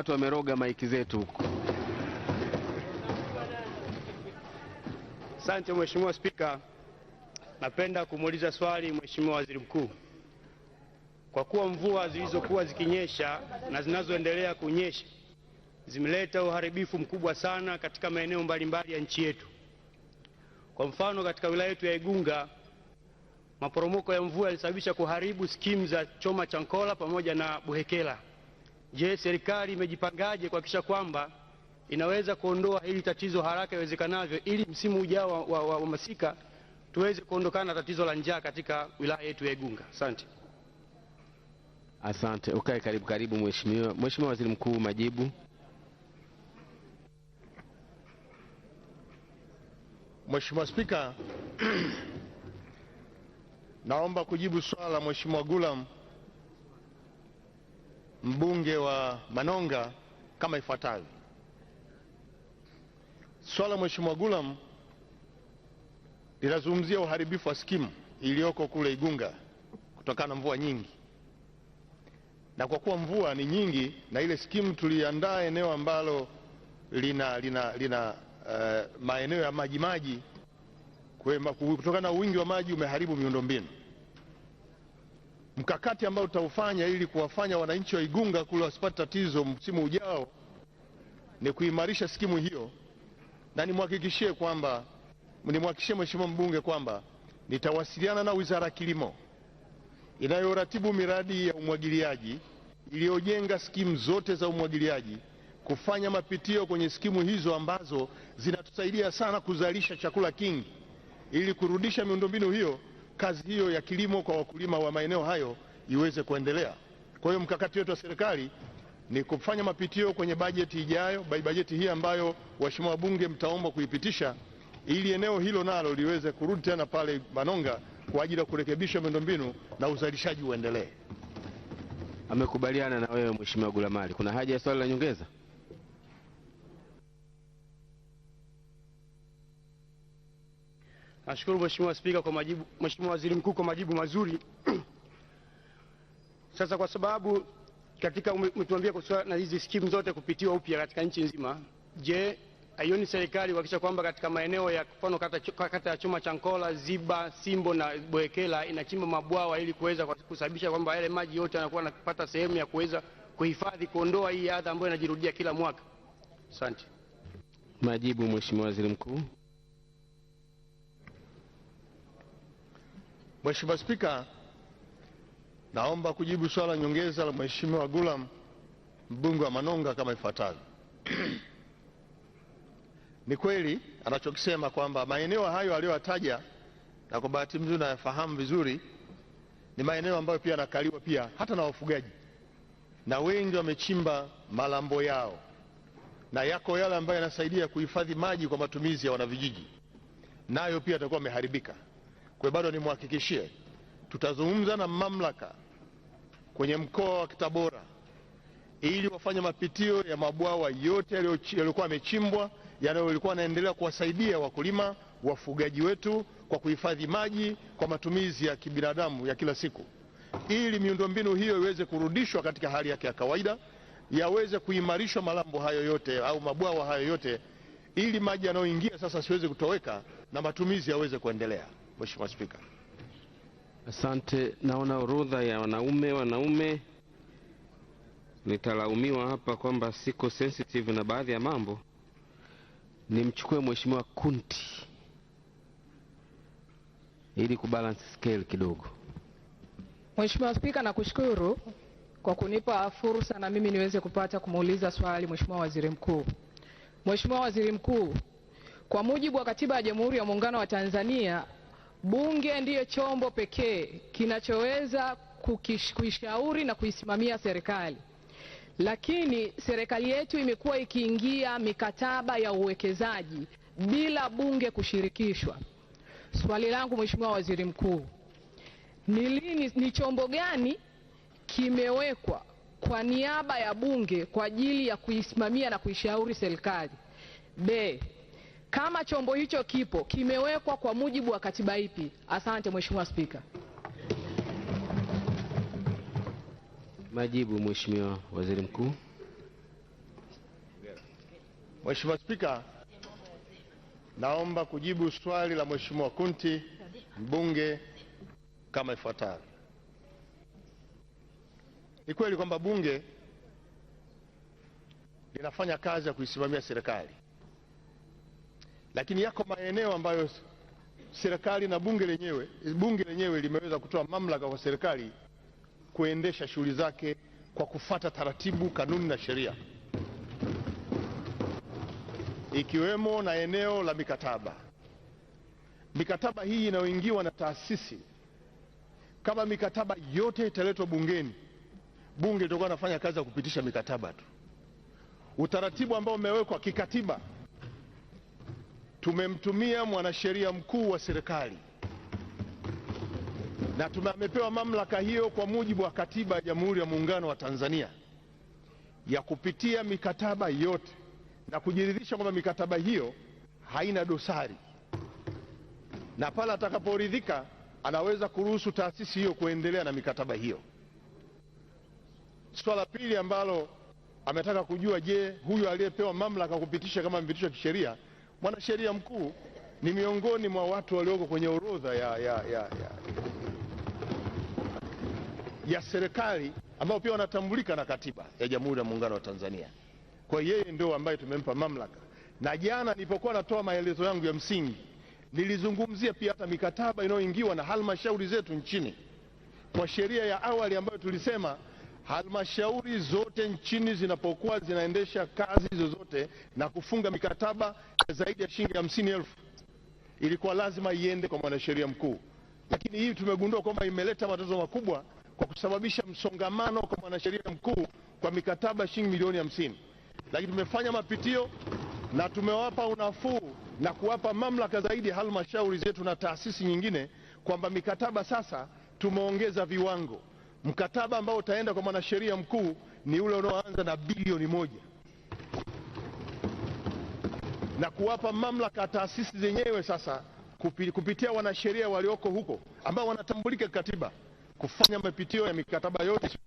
watu wameroga maiki zetu huko. Asante Mheshimiwa Spika, napenda kumuuliza swali Mheshimiwa Waziri Mkuu. Kwa kuwa mvua zilizokuwa zikinyesha na zinazoendelea kunyesha zimeleta uharibifu mkubwa sana katika maeneo mbalimbali ya nchi yetu. Kwa mfano, katika wilaya yetu ya Igunga maporomoko ya mvua yalisababisha kuharibu skimu za Choma cha nkola pamoja na Buhekela. Je, serikali imejipangaje kuhakikisha kwamba inaweza kuondoa hili tatizo haraka iwezekanavyo ili msimu ujao wa, wa, wa masika tuweze kuondokana na tatizo la njaa katika wilaya yetu ya Igunga. Asante. Asante, ukae okay, karibu karibu mheshimiwa. Mheshimiwa Waziri Mkuu, majibu. Mheshimiwa Spika, naomba kujibu swala la Mheshimiwa Gulam mbunge wa Manonga kama ifuatavyo. Swala Mheshimiwa Gulam linazungumzia uharibifu wa skimu iliyoko kule Igunga kutokana na mvua nyingi, na kwa kuwa mvua ni nyingi na ile skimu tuliandaa eneo ambalo lina, lina, lina uh, maeneo ya maji maji kutokana na wingi wa maji umeharibu miundombinu mkakati ambao tutaufanya ili kuwafanya wananchi wa Igunga kule wasipate tatizo msimu ujao ni kuimarisha skimu hiyo, na nimhakikishie kwamba nimhakikishie mheshimiwa mbunge kwamba nitawasiliana na Wizara ya Kilimo inayoratibu miradi ya umwagiliaji iliyojenga skimu zote za umwagiliaji kufanya mapitio kwenye skimu hizo ambazo zinatusaidia sana kuzalisha chakula kingi ili kurudisha miundombinu hiyo kazi hiyo ya kilimo kwa wakulima wa maeneo hayo iweze kuendelea. Kwa hiyo mkakati wetu wa serikali ni kufanya mapitio kwenye bajeti ijayo, bajeti hii ambayo waheshimiwa wabunge mtaomba kuipitisha, ili eneo hilo nalo liweze kurudi tena pale Manonga kwa ajili ya kurekebisha miundombinu na uzalishaji uendelee. Amekubaliana na wewe Mheshimiwa Gulamali. Kuna haja ya swali la nyongeza? Nashukuru Mheshimiwa Spika kwa majibu, Mheshimiwa Waziri Mkuu kwa majibu mazuri. Sasa kwa sababu katika umetuambia kwa na hizi skimu zote kupitiwa upya katika nchi nzima, je, haioni serikali kuhakikisha kwamba katika maeneo ya mfano kata, kata ya Choma cha Nkola, Ziba, Simbo na Boekela inachimba mabwawa ili kuweza kusababisha kwamba yale maji yote yanakuwa yanapata sehemu ya kuweza kuhifadhi, kuondoa hii adha ambayo inajirudia kila mwaka? Asante. Majibu, Mheshimiwa Waziri Mkuu. Mheshimiwa Spika, naomba kujibu swala nyongeza la Mheshimiwa Gulam, mbunge wa Manonga, kama ifuatavyo. Ni kweli anachokisema kwamba maeneo hayo aliyoyataja na kwa bahati nzuri nayafahamu vizuri, ni maeneo ambayo pia yanakaliwa pia hata na wafugaji, na wengi wamechimba malambo yao, na yako yale ambayo yanasaidia kuhifadhi maji kwa matumizi ya wanavijiji, nayo pia atakuwa ameharibika kwa bado nimhakikishie tutazungumza na mamlaka kwenye mkoa wa Tabora ili wafanye mapitio ya mabwawa yote yaliyokuwa yamechimbwa yanayokuwa yanaendelea kuwasaidia wakulima wafugaji wetu kwa kuhifadhi maji kwa matumizi ya kibinadamu ya kila siku, ili miundombinu hiyo iweze kurudishwa katika hali yake ya kawaida, yaweze kuimarishwa malambo hayo yote au mabwawa hayo yote, ili maji yanayoingia sasa siweze kutoweka na matumizi yaweze kuendelea. Mheshimiwa Spika. Asante, naona orodha ya wanaume wanaume, nitalaumiwa hapa kwamba siko sensitive na baadhi ya mambo. Nimchukue Mheshimiwa Kunti ili kubalance scale kidogo. Mheshimiwa Spika, nakushukuru kwa kunipa fursa na mimi niweze kupata kumuuliza swali Mheshimiwa Waziri Mkuu. Mheshimiwa Waziri Mkuu, kwa mujibu wa Katiba ya Jamhuri ya Muungano wa Tanzania Bunge ndiyo chombo pekee kinachoweza kuishauri na kuisimamia serikali, lakini serikali yetu imekuwa ikiingia mikataba ya uwekezaji bila bunge kushirikishwa. Swali langu Mheshimiwa Waziri Mkuu, ni lini, ni chombo gani kimewekwa kwa niaba ya bunge kwa ajili ya kuisimamia na kuishauri serikali? B, kama chombo hicho kipo kimewekwa kwa mujibu wa katiba ipi? Asante Mheshimiwa Spika. Majibu Mheshimiwa Waziri Mkuu. Mheshimiwa Spika, naomba kujibu swali la Mheshimiwa Kunti mbunge kama ifuatavyo. Ni kweli kwamba bunge linafanya kazi ya kuisimamia serikali. Lakini yako maeneo ambayo serikali na bunge lenyewe bunge lenyewe limeweza kutoa mamlaka kwa serikali kuendesha shughuli zake kwa kufata taratibu, kanuni na sheria, ikiwemo na eneo la mikataba. Mikataba hii inayoingiwa na taasisi, kama mikataba yote italetwa bungeni, bunge litakuwa nafanya kazi ya kupitisha mikataba tu. Utaratibu ambao umewekwa kikatiba tumemtumia mwanasheria mkuu wa serikali na tumepewa amepewa mamlaka hiyo kwa mujibu wa katiba ya Jamhuri ya Muungano wa Tanzania ya kupitia mikataba yote na kujiridhisha kwamba mikataba hiyo haina dosari, na pale atakaporidhika anaweza kuruhusu taasisi hiyo kuendelea na mikataba hiyo. Swala pili ambalo ametaka kujua, je, huyu aliyepewa mamlaka kupitisha kama amepitisha kisheria Mwanasheria mkuu ni miongoni mwa watu walioko kwenye orodha ya, ya, ya, ya, ya serikali ambao pia wanatambulika na katiba ya Jamhuri ya Muungano wa Tanzania. Kwa hiyo yeye ndio ambaye tumempa mamlaka, na jana nilipokuwa natoa maelezo yangu ya msingi nilizungumzia pia hata mikataba inayoingiwa na halmashauri zetu nchini kwa sheria ya awali ambayo tulisema halmashauri zote nchini zinapokuwa zinaendesha kazi zozote na kufunga mikataba ya zaidi ya shilingi hamsini elfu ilikuwa lazima iende kwa mwanasheria mkuu, lakini hii tumegundua kwamba imeleta matatizo makubwa kwa kusababisha msongamano kwa mwanasheria mkuu kwa mikataba shilingi milioni hamsini. Lakini tumefanya mapitio na tumewapa unafuu na kuwapa mamlaka zaidi halmashauri zetu na taasisi nyingine kwamba mikataba sasa tumeongeza viwango Mkataba ambao utaenda kwa mwanasheria mkuu ni ule unaoanza na bilioni moja na kuwapa mamlaka ya taasisi zenyewe sasa kupitia wanasheria walioko huko ambao wanatambulika katiba kufanya mapitio ya mikataba yote